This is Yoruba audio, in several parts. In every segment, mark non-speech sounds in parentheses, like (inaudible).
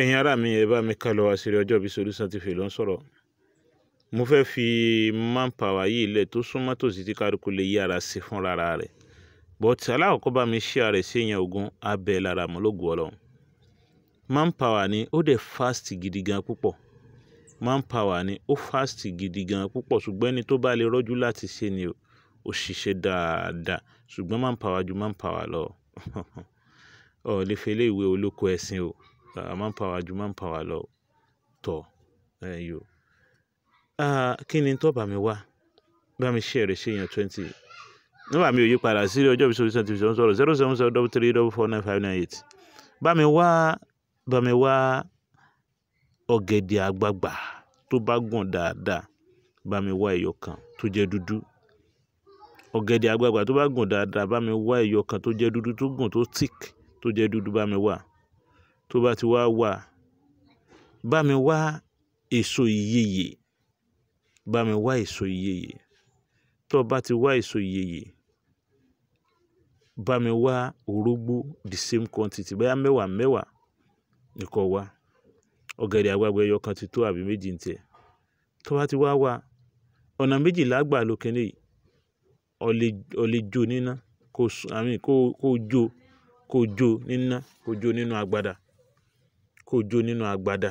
ẹ̀yin ará mi ẹ bá mi kálọ àṣírí ọjọ́ bí solution ti fi ló ń sọ̀rọ̀ mo fẹ́ fi manpower yìí lẹ̀ tó súnmọ́ tòsí tí kálukú lè yára sí fúnra rẹ̀ but alákọ̀ọ́kọ́ bá mi ṣí ara ẹ̀ sí èèyàn ogun abẹ́ lára mọ́ lóògùn ọlọ́run manpower ni ó dẹ̀ fast gidi gan púpọ̀ manpower ni ó fast gidi gan púpọ̀ ṣùgbọ́n ẹni tó bá lè rọ́jú láti ṣe ni ó ṣiṣẹ́ dáadáa ṣùgbọ́n manpower ju manpower lọ (laughs) ọ̀ lè fẹ́ lé ìwé olóko ẹ̀sìn o uh, manpower ju manpower lọ tọ̀ ah kí ni tó bá mi wá bá mi ṣe èrè ṣe yẹn twenty nígbà mi ò yí padà sí ọjọ́ ìṣòwò ìṣòwò ìṣòwò sọ̀rọ̀ zero seven zero double three double four nine five nine eight bá mi wá bá mi wá ọ̀gẹ̀dẹ̀ àgbagbà tó bá gùn dáadáa bá mi wá ẹyọ kan tó jẹ́ dúdú ọ̀gẹ̀dẹ̀ àgbagbà tó bá gùn dáadáa bá mi wá ẹyọ kan tó jẹ́ dúdú tó gùn tó thick tó jẹ́ dúdú bá mi wá tó bá ti wá wà bá mi wá èso ìyeyè bá mi wá èso ìyeyè tó bá ti wá èso ìyeyè bá mi wá orógbó the same quantity bóyá mẹ́wàá mẹ́wàá nìkan wá ọ̀gẹ̀dẹ̀ àgbagbà ẹyọ kan ti tó àbí méjì ń tiẹ̀ tó bá ti wá wá ọ̀nà méjì lágbà lókè ní ọ̀lẹ́ jó níná kó jo kó jo níná kó jo nínú agbada kó jó nínú agbada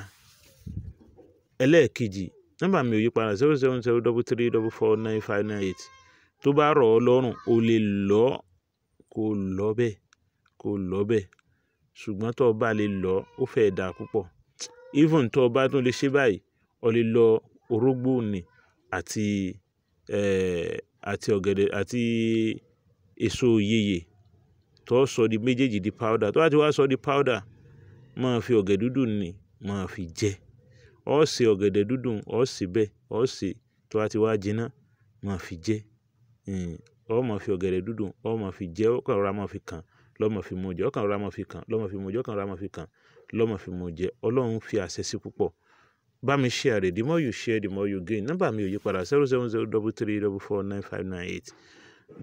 ẹlẹ́ẹ̀kejì nọ́mbà mi ò yí padà zero seven zero double three double four nine five nine eight tó bá rọ̀ ọ́ lọ́rùn o lè lọ kó lọ bẹ́ẹ̀ kó lọ bẹ́ẹ̀ ṣùgbọ́n tó o bá lè lọ ó fẹ́ dà púpọ̀ even tó o bá tún lè ṣe báyìí o lè lọ orógbó ni àti àti ọ̀gẹ̀dẹ̀ àti èso yeye tó sọ di méjèèjì di powder tó bá ti wá sọ di powder máa fi ọ̀gẹ̀ dúdú ni máa fi jẹ. Ó sè ọ̀gẹ̀dẹ̀ dúndùn, ó sè bẹ́ẹ̀, ó sè tó bá ti wá jiná, máa fi jẹ. Hìn, ó máa fi ọ̀gẹ̀dẹ̀ dúndùn, ó máa fi jẹ, ó kàn rora máa fi kàn, lọ́ máa fi mu jẹ, ó kàn rora máa fi kàn, lọ́ máa fi mu jẹ, ó kàn rora máa fi kàn, lọ́ máa fi mu jẹ. Ọlọ́run fi àṣẹ sí púpọ̀. Bá mi share rẹ̀. The more you share, the more you gain. Nọ́mbà mi ò yípadà. Zero seven zero double three double four nine five nine eight.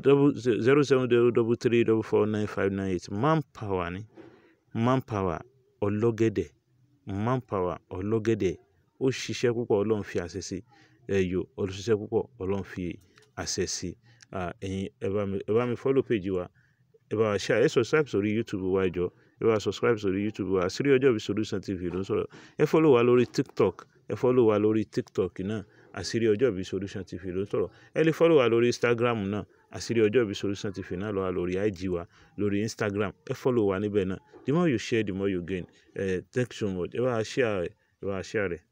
Double zero seven zero double three double four nine five nine eight. Manpower ni. Manpower ọlọ́gẹ̀dẹ̀, manpower ọlọ́gẹ̀dẹ̀. Ó ṣiṣẹ́ púpọ̀ Ọlọ́run fi àṣẹ sí. Ẹyọ ó ṣiṣẹ́ púpọ̀ Ọlọ́run fi àṣẹ sí. À, ẹ̀yin ẹ bá mi, ẹ bá mi follow page wa. Ẹ bá wa share, ẹ subscribe sórí YouTube wa jọ̀ọ́. Ẹ bá wa subscribe sórí YouTube wa. Àṣírí Ọjọ́bí Solution TV ló ń sọ̀rọ̀. Ẹ follow wa lórí TikTok. Ẹ follow wa lórí TikTok náà àṣírí ọjọ́ ìbí solution TV ló ń sọ̀rọ̀ ẹ lè follow wa lórí Instagram náà àṣírí ọjọ́ ìbí solution TV náà lọ́wọ́ lórí IG wa lórí Instagram ẹ follow wa níbẹ̀ náà the more you share the more you gain ẹ thank you so much ẹ bá a share ẹ ẹ bá a share ẹ.